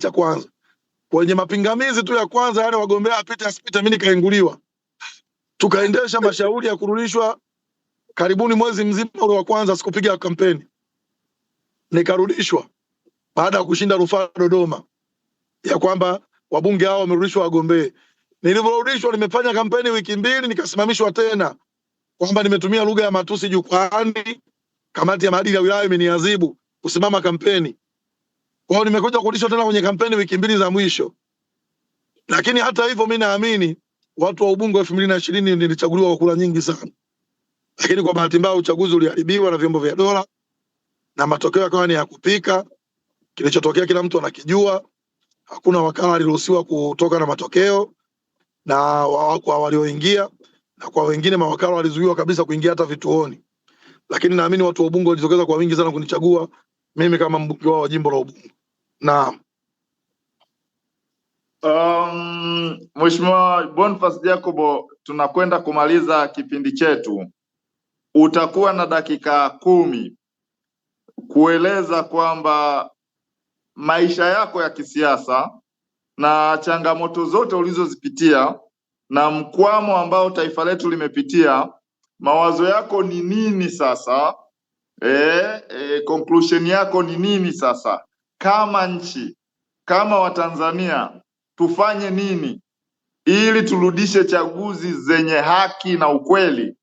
cha kwanza kwenye mapingamizi tu ya kwanza yale wagombea apite asipite, mimi nikainguliwa, tukaendesha mashauri ya kurudishwa karibuni mwezi mzima ule wa kwanza, sikupiga kampeni, nikarudishwa baada ya kushinda rufaa Dodoma ya kwamba wabunge hao wamerudishwa wagombee. Nilivyorudishwa nimefanya kampeni wiki mbili, nikasimamishwa tena kwamba nimetumia lugha ya matusi jukwaani. Kamati ya maadili ya wilaya imeniadhibu kusimama kampeni. Kwa hiyo nimekuja kurudishwa tena kwenye kampeni wiki mbili za mwisho, lakini hata hivyo mi naamini watu wa Ubungo elfu mbili na ishirini nilichaguliwa kwa kura nyingi sana, lakini kwa bahati mbaya uchaguzi uliharibiwa na vyombo vya dola na matokeo yakawa ni ya kupika. Kilichotokea kila mtu anakijua. Hakuna wakala aliruhusiwa kutoka na matokeo na kwa walioingia, na kwa wengine mawakala walizuiwa kabisa kuingia hata vituoni. Lakini naamini watu wa Ubungo walijitokeza kwa wingi sana kunichagua mimi kama mbunge wao wa jimbo la Ubungo. Naam. Um, Mheshimiwa Boniface Jacobo, tunakwenda kumaliza kipindi chetu. Utakuwa na dakika kumi kueleza kwamba maisha yako ya kisiasa na changamoto zote ulizozipitia na mkwamo ambao taifa letu limepitia, mawazo yako ni nini sasa? E, e, conclusion yako ni nini sasa? kama nchi, kama Watanzania tufanye nini ili turudishe chaguzi zenye haki na ukweli,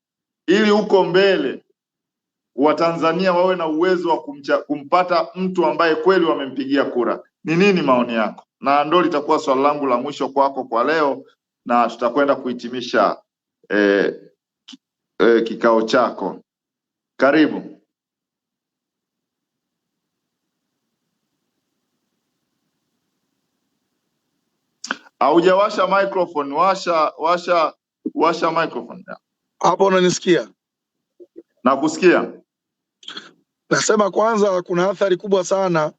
ili huko mbele Watanzania wawe na uwezo wa kumcha, kumpata mtu ambaye kweli wamempigia kura. Ni nini maoni yako? Na ndo litakuwa swali langu la mwisho kwako kwa leo, na tutakwenda kuhitimisha eh, eh, kikao chako. Karibu. Haujawasha microphone, washa washa washa microphone. Hapo unanisikia? Nakusikia. Nasema kwanza, kuna athari kubwa sana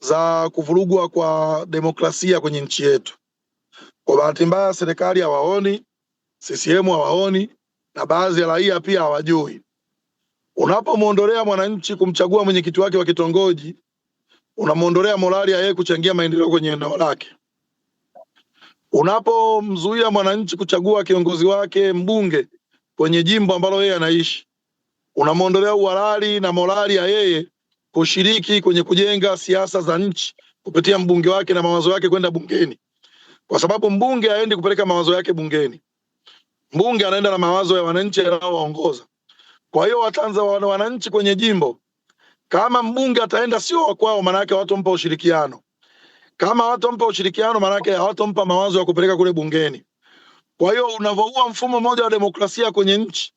za kuvurugwa kwa demokrasia kwenye nchi yetu. Kwa bahati mbaya, serikali hawaoni, CCM hawaoni, na baadhi ya raia pia hawajui. Unapomwondolea mwananchi kumchagua mwenyekiti wake wa kitongoji, unamwondolea morali ya yeye kuchangia maendeleo kwenye eneo lake. Unapomzuia mwananchi kuchagua kiongozi wake mbunge kwenye jimbo ambalo yeye anaishi, unamwondolea uhalali na morali ya yeye kushiriki kwenye kujenga siasa za nchi kupitia mbunge wake na mawazo yake kwenda bungeni, kwa sababu mbunge haendi kupeleka mawazo yake bungeni. Mbunge anaenda na mawazo ya wananchi anaowaongoza. Kwa hiyo watanza wananchi kwenye jimbo, kama mbunge ataenda sio wa kwao, maanake watu mpa ushirikiano kama hawatompa ushirikiano, maanake hawatompa mawazo ya kupeleka kule bungeni. Kwa hiyo unavyoua mfumo mmoja wa demokrasia kwenye nchi,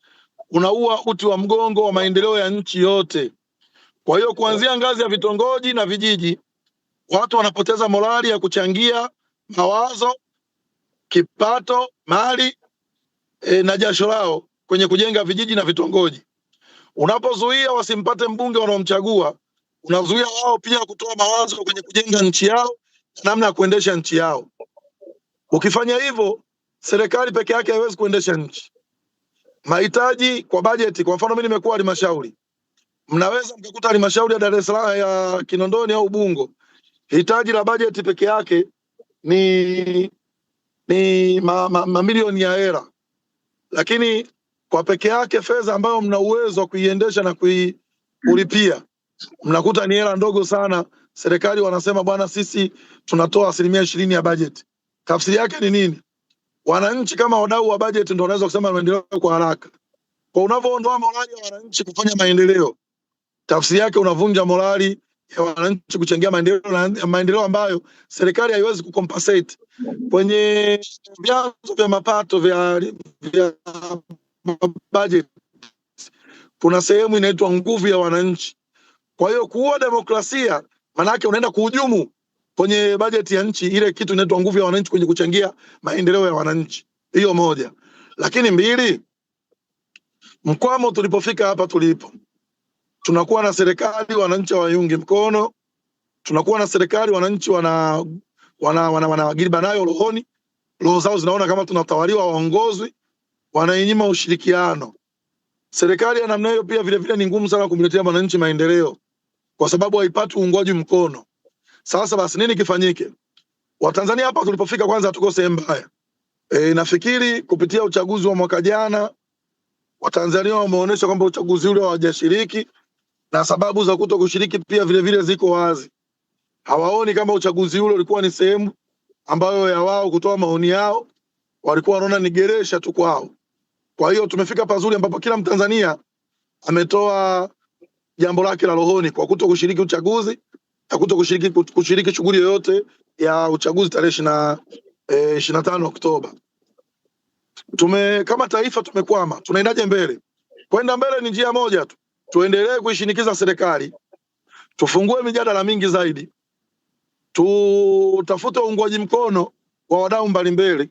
unaua uti wa mgongo wa maendeleo ya nchi yote. Kwa hiyo kuanzia ngazi ya vitongoji na vijiji, watu wanapoteza morali ya kuchangia mawazo, kipato, mali e, na jasho lao kwenye kujenga vijiji na vitongoji. Unapozuia wasimpate mbunge wanaomchagua, unazuia wao pia kutoa mawazo kwenye kujenga nchi yao namna ya kuendesha nchi yao. Ukifanya hivyo, serikali peke yake haiwezi kuendesha nchi. Mahitaji kwa bajeti, kwa mfano mimi nimekuwa halmashauri, mnaweza mkakuta halmashauri ya Dar es Salaam ya Kinondoni au Ubungo, hitaji la bajeti peke yake ni ni mamilioni ma, ma ya era lakini kwa peke yake fedha ambayo mna uwezo wa kuiendesha na kuilipia mnakuta ni hela ndogo sana. Serikali wanasema bwana, sisi tunatoa asilimia ishirini ya bajeti. Tafsiri yake ni nini? Wananchi kama wadau wa bajeti ndo wanaweza kusema maendeleo kwa haraka. Kwa unavyoondoa morali ya wananchi kufanya maendeleo, tafsiri yake unavunja morali ya wananchi kuchangia maendeleo, na maendeleo ambayo serikali haiwezi kucompensate kwenye vyanzo vya mapato vya, vya budget. Kuna sehemu inaitwa nguvu ya wananchi kwa hiyo kuua demokrasia maanake unaenda kuhujumu kwenye bajeti ya nchi, ile kitu inaitwa nguvu ya wananchi kwenye kuchangia maendeleo ya wananchi. Hiyo moja, lakini mbili, mkwamo tulipofika hapa tulipo, tunakuwa na serikali wananchi hawaiungi mkono, tunakuwa na serikali wananchi wana wana wana, wana nayo rohoni, roho zao zinaona kama tunatawaliwa, waongozwi, wanainyima ushirikiano Serikali ya namna hiyo pia vile vile ni ngumu sana kumletea mwananchi maendeleo, kwa sababu haipati uungwaji mkono. Sasa basi nini kifanyike? Watanzania hapa tulipofika, kwanza hatuko sehemu mbaya e, nafikiri kupitia uchaguzi wa mwaka jana Watanzania wameonyesha kwamba uchaguzi ule hawajashiriki na sababu za kuto kushiriki pia vile vile ziko wazi. Hawaoni kama uchaguzi ule ulikuwa ni sehemu ambayo ya wao kutoa maoni yao, walikuwa wanaona ni geresha tu kwao. Kwa hiyo tumefika pazuri ambapo kila Mtanzania ametoa jambo lake la rohoni kwa kuto kushiriki uchaguzi na kuto kushiriki, kushiriki shughuli yoyote ya uchaguzi tarehe eh, ishirini na tano Oktoba. Tume kama taifa tumekwama, tunaendaje mbele? Kwenda mbele ni njia moja tu, tuendelee kuishinikiza serikali, tufungue mijadala mingi zaidi, tutafute uungwaji mkono wa wadau mbalimbali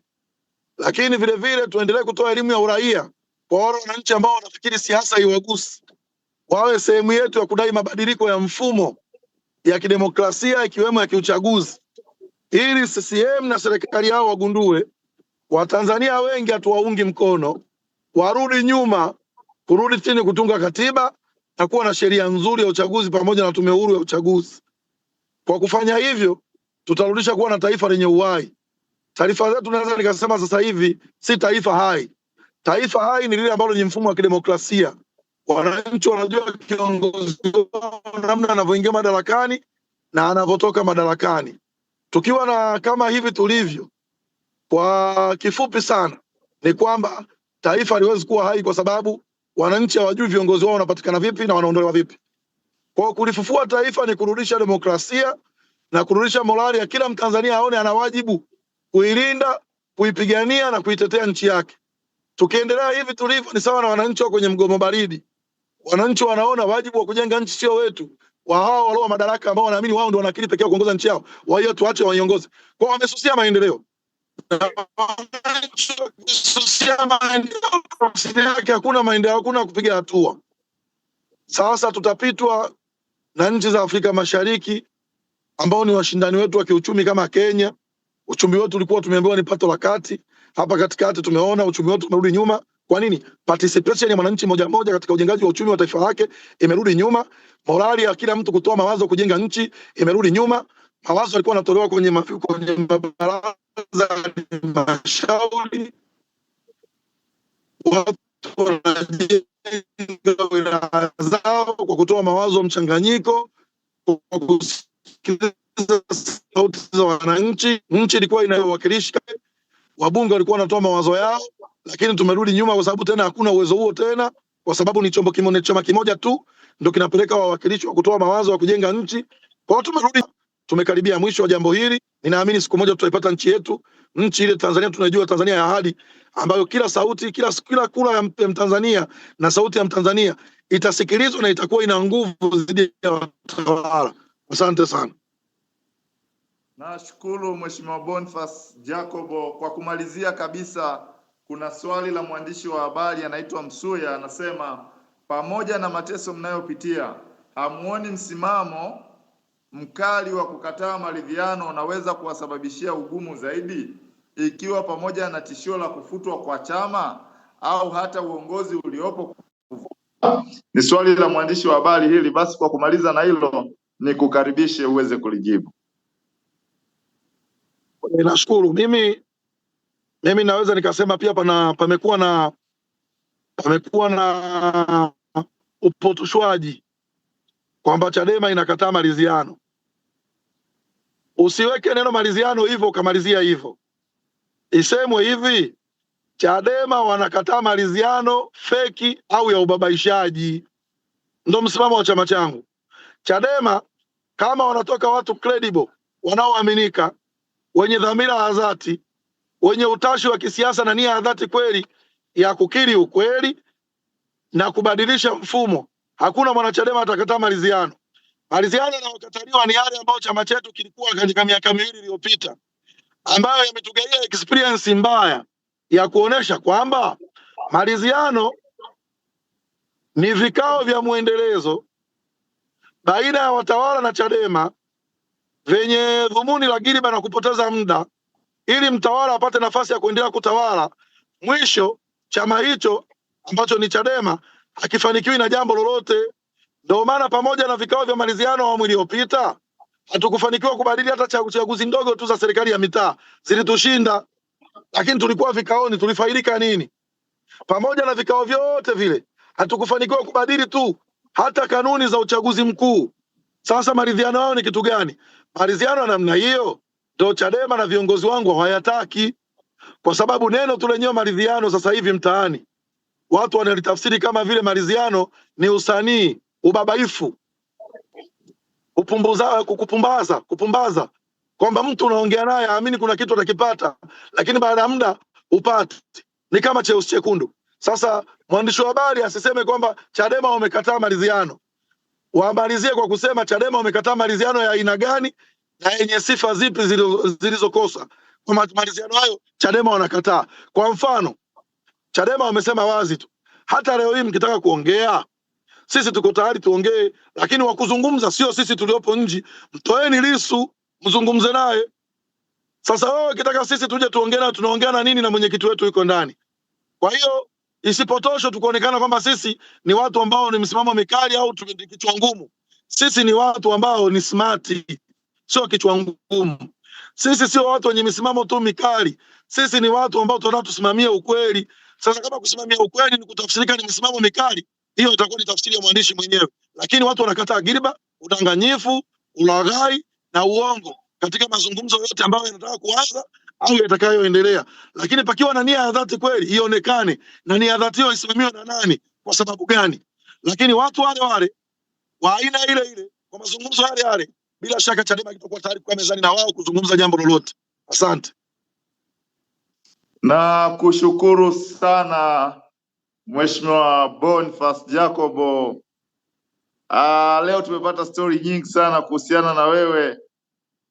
lakini vile vile tuendelee kutoa elimu ya uraia kwa wale wananchi ambao wanafikiri siasa iwagusi, wawe sehemu yetu ya kudai mabadiliko ya mfumo ya kidemokrasia ikiwemo ya kiuchaguzi, ili CCM na serikali yao wagundue Watanzania wengi hatuwaungi mkono, warudi nyuma, kurudi chini, kutunga katiba na kuwa na sheria nzuri ya uchaguzi pamoja na tume huru ya uchaguzi. Kwa kufanya hivyo, tutarudisha kuwa na taifa lenye uhai taarifa zetu naweza nikasema sasa hivi si taifa hai. Taifa hai ni lile ambalo ni mfumo wa kidemokrasia, wananchi wanajua kiongozi wao namna anavyoingia madarakani na anavyotoka madarakani. Tukiwa na kama hivi tulivyo, kwa kifupi sana ni kwamba taifa haliwezi kuwa hai, kwa sababu wananchi hawajui viongozi wao wanapatikana vipi na wanaondolewa vipi. Kwa kulifufua taifa ni kurudisha demokrasia na kurudisha morali ya kila Mtanzania aone ana wajibu kuilinda, kuipigania na kuitetea nchi yake. Tukiendelea hivi tulivyo, ni sawa na wananchi wa kwenye mgomo baridi. Wananchi wanaona wajibu wa kujenga nchi sio wetu, wa hao walio madaraka ambao wanaamini wao ndio wana akili pekee kuongoza nchi yao. Kwa hiyo tuache waiongoze kwao, wamesusia maendeleo yake hakuna maendeleo, hakuna kupiga hatua. Sasa tutapitwa na nchi za Afrika Mashariki ambao ni washindani wetu wa kiuchumi kama Kenya, Uchumi wetu ulikuwa tumeambiwa ni pato la kati, hapa katikati tumeona uchumi wetu umerudi nyuma. Kwa nini? Participation ya mwananchi moja moja katika ujengaji wa uchumi wa taifa lake imerudi nyuma. Morali ya kila mtu kutoa mawazo kujenga nchi imerudi nyuma. Mawazo yalikuwa yanatolewa kwenye mafi, kwenye mabaraza mashauri, watu wanajenga wilaya zao kwa kutoa mawazo mchanganyiko, kwa kusikiliza sauti za wananchi, nchi ilikuwa inayowakilisha, wabunge walikuwa wanatoa mawazo yao, lakini tumerudi nyuma kwa sababu tena hakuna uwezo huo tena, kwa sababu ni chombo kimoja, chama kimoja tu ndo kinapeleka wawakilishi wa kutoa mawazo ya kujenga nchi. Kwa hiyo tumerudi, tumekaribia mwisho wa jambo hili. Ninaamini siku moja tutaipata nchi yetu, nchi ile Tanzania tunajua, Tanzania ya ahadi, ambayo kila sauti, kila kila kura ya Mtanzania na sauti ya Mtanzania itasikilizwa na itakuwa ina nguvu dhidi ya watawala. Asante sana. Nashukuru Mheshimiwa Boniface Jacobo. Kwa kumalizia kabisa, kuna swali la mwandishi wa habari anaitwa Msuya, anasema pamoja na mateso mnayopitia hamuoni msimamo mkali wa kukataa maridhiano unaweza kuwasababishia ugumu zaidi, ikiwa pamoja na tishio la kufutwa kwa chama au hata uongozi uliopo? Ni swali la mwandishi wa habari hili. Basi kwa kumaliza na hilo, nikukaribishe uweze kulijibu nashukuru mimi, mimi naweza nikasema pia pana pamekuwa na pamekuwa na upotoshwaji kwamba Chadema inakataa maridhiano. Usiweke neno maridhiano hivyo ukamalizia hivyo, isemwe hivi Chadema wanakataa maridhiano feki au ya ubabaishaji. Ndo msimamo wa chama changu Chadema. Kama wanatoka watu credible wanaoaminika, wenye dhamira ya dhati, wenye utashi wa kisiasa na nia ya dhati kweli ya kukiri ukweli na kubadilisha mfumo. Hakuna mwanachadema atakataa maridhiano. Maridhiano yanayokataliwa ni yale ambayo chama chetu kilikuwa katika miaka miwili iliyopita, ambayo yametugaia experience mbaya ya kuonesha kwamba maridhiano ni vikao vya mwendelezo baina ya watawala na Chadema vyenye dhumuni la giriba na kupoteza muda ili mtawala apate nafasi ya kuendelea kutawala. Mwisho chama hicho ambacho ni Chadema akifanikiwi na jambo lolote. Ndio maana pamoja na vikao vya maridhiano awamu iliyopita hatukufanikiwa kubadili hata chaguzi ndogo tu za serikali ya mitaa zilitushinda, lakini tulikuwa vikaoni, tulifaidika nini? Pamoja na vikao vyote vile hatukufanikiwa kubadili tu hata kanuni za uchaguzi mkuu. Sasa maridhiano yao ni kitu gani? maridhiano ya namna hiyo ndo Chadema na viongozi wangu hawayataki, kwa sababu neno tu lenyewe maridhiano sasa hivi mtaani watu wanalitafsiri kama vile maridhiano ni usanii, ubabaifu, kupumbuza, kupumbaza, kupumbaza kwamba mtu unaongea naye aamini kuna kitu atakipata, lakini baada ya muda upati, ni kama cheusi chekundu. Sasa mwandishi wa habari asiseme kwamba Chadema wamekataa maridhiano wamalizie kwa kusema Chadema wamekataa maridhiano ya aina gani na yenye sifa zipi zilizokosa. Kwa maridhiano hayo Chadema wanakataa. Kwa mfano, Chadema wamesema wazi tu, hata leo hii mkitaka kuongea sisi tuko tayari tuongee, lakini wa kuzungumza sio sisi tuliopo nji. Mtoeni Lisu mzungumze naye. Sasa wewe ukitaka sisi tuje tuongee na tunaongea na nini na mwenyekiti wetu yuko ndani? Kwa hiyo Isipotoshe tukuonekana kwamba sisi ni watu ambao ni msimamo mikali au kichwa ngumu. Sisi ni watu ambao ni smart, sio kichwa ngumu. Sisi sio watu wenye misimamo tu mikali. Sisi ni watu ambao tunataka tusimamie ukweli. Sasa kama kusimamia ukweli ni kutafsirika ni misimamo mikali, hiyo itakuwa ni tafsiri ya mwandishi mwenyewe, lakini watu wanakataa ghiriba, udanganyifu, ulaghai na uongo katika mazungumzo yote ambayo yanataka kuanza au yatakayoendelea, lakini pakiwa na nia ya dhati kweli ionekane, na nia dhati hiyo isimamiwe na nani, kwa sababu gani? Lakini watu wale wale wa aina ile ile kwa mazungumzo yale yale, bila shaka Chadema kitakuwa tayari kwa mezani na wao kuzungumza jambo lolote. Asante na kushukuru sana Mheshimiwa Boniface Jacobo. Uh, leo tumepata stori nyingi sana kuhusiana na wewe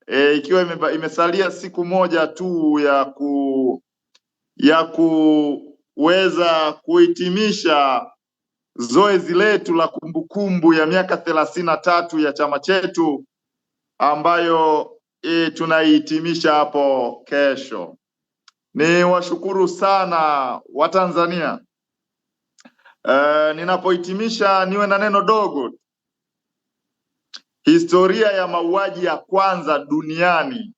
e, ikiwa ime, imesalia siku moja tu ya ku ya kuweza kuhitimisha zoezi letu la kumbukumbu ya miaka thelathini na tatu ya chama chetu ambayo e, tunaihitimisha hapo kesho. Ni washukuru sana Watanzania. E, ninapohitimisha niwe na neno dogo Historia ya mauaji ya kwanza duniani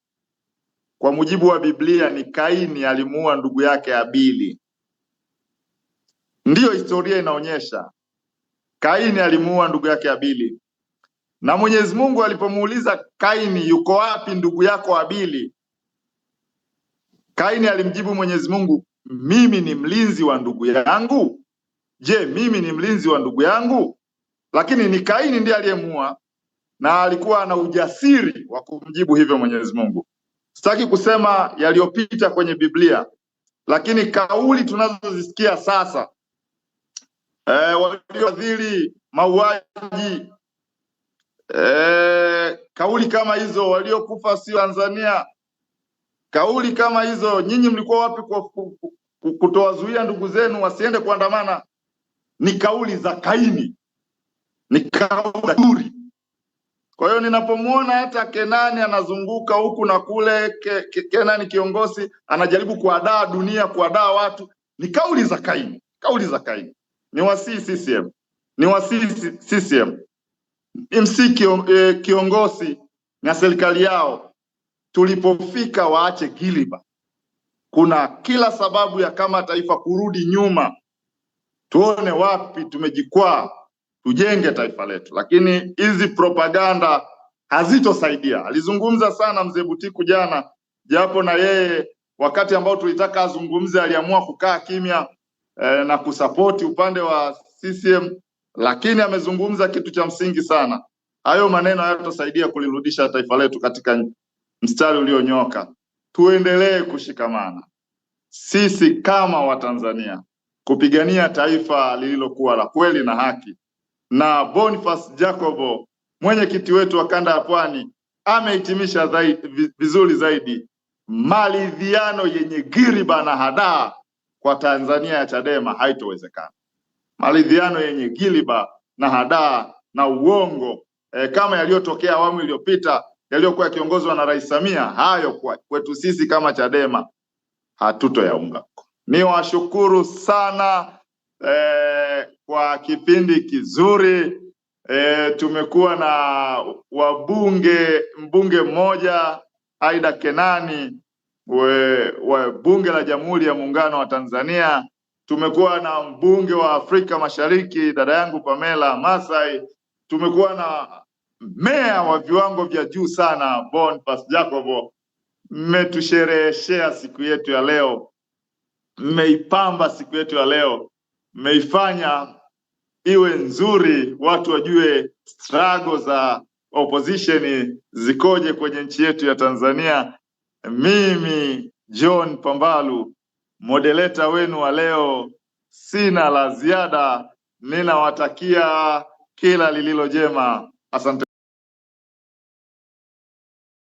kwa mujibu wa Biblia ni Kaini alimuua ndugu yake Abili. Ndiyo historia inaonyesha, Kaini alimuua ndugu yake Abili, na Mwenyezi Mungu alipomuuliza Kaini, yuko wapi ndugu yako Abili? Kaini alimjibu Mwenyezi Mungu, mimi ni mlinzi wa ndugu yangu. Je, mimi ni mlinzi wa ndugu yangu? Lakini ni Kaini ndiye aliyemuua na alikuwa ana ujasiri wa kumjibu hivyo Mwenyezi Mungu. Sitaki kusema yaliyopita kwenye Biblia, lakini kauli tunazozisikia sasa e, walioadhiri mauaji e, kauli kama hizo, waliokufa sio Tanzania, kauli kama hizo, nyinyi mlikuwa wapi kwa kutowazuia ndugu zenu wasiende kuandamana? Ni kauli za Kaini, ni kauli za Duri. Kwa hiyo ninapomwona hata Kenani anazunguka huku na kule ke, ke, Kenani kiongozi anajaribu kuadaa dunia, kuadaa watu, ni kauli za Kaini, kauli za Kaini. Ni wasii CCM, ni wasii CCM, imsiki e, kiongozi na serikali yao tulipofika waache giliba. Kuna kila sababu ya kama taifa kurudi nyuma, tuone wapi tumejikwaa tujenge taifa letu, lakini hizi propaganda hazitosaidia. Alizungumza sana mzee Butiku jana, japo na yeye wakati ambao tulitaka azungumze aliamua kukaa kimya eh, na kusapoti upande wa CCM, lakini amezungumza kitu cha msingi sana. Hayo maneno hayatosaidia kulirudisha taifa letu katika mstari ulionyoka Tuendelee kushikamana sisi kama Watanzania kupigania taifa lililokuwa la kweli na haki na Boniface Jacobo, mwenyekiti wetu wa kanda ya Pwani, amehitimisha vizuri zaidi maridhiano yenye giriba na hadaa kwa Tanzania ya Chadema haitowezekana. Maridhiano yenye giriba na hadaa na uongo e, kama yaliyotokea awamu iliyopita yaliyokuwa yakiongozwa na Rais Samia, hayo kwa kwetu sisi kama Chadema hatutoyaunga. Ni washukuru sana e, kwa kipindi kizuri e, tumekuwa na wabunge mbunge mmoja Aida Kenani we, we bunge la Jamhuri ya Muungano wa Tanzania. Tumekuwa na mbunge wa Afrika Mashariki dada yangu Pamela Masai. Tumekuwa na meya wa viwango vya juu sana Boniface Jacobo. Mmetushereheshea siku yetu ya leo, mmeipamba siku yetu ya leo, mmeifanya iwe nzuri, watu wajue struggle za opposition zikoje kwenye nchi yetu ya Tanzania. Mimi John Pambalu, modeleta wenu wa leo, sina la ziada, ninawatakia kila lililo jema. Asante.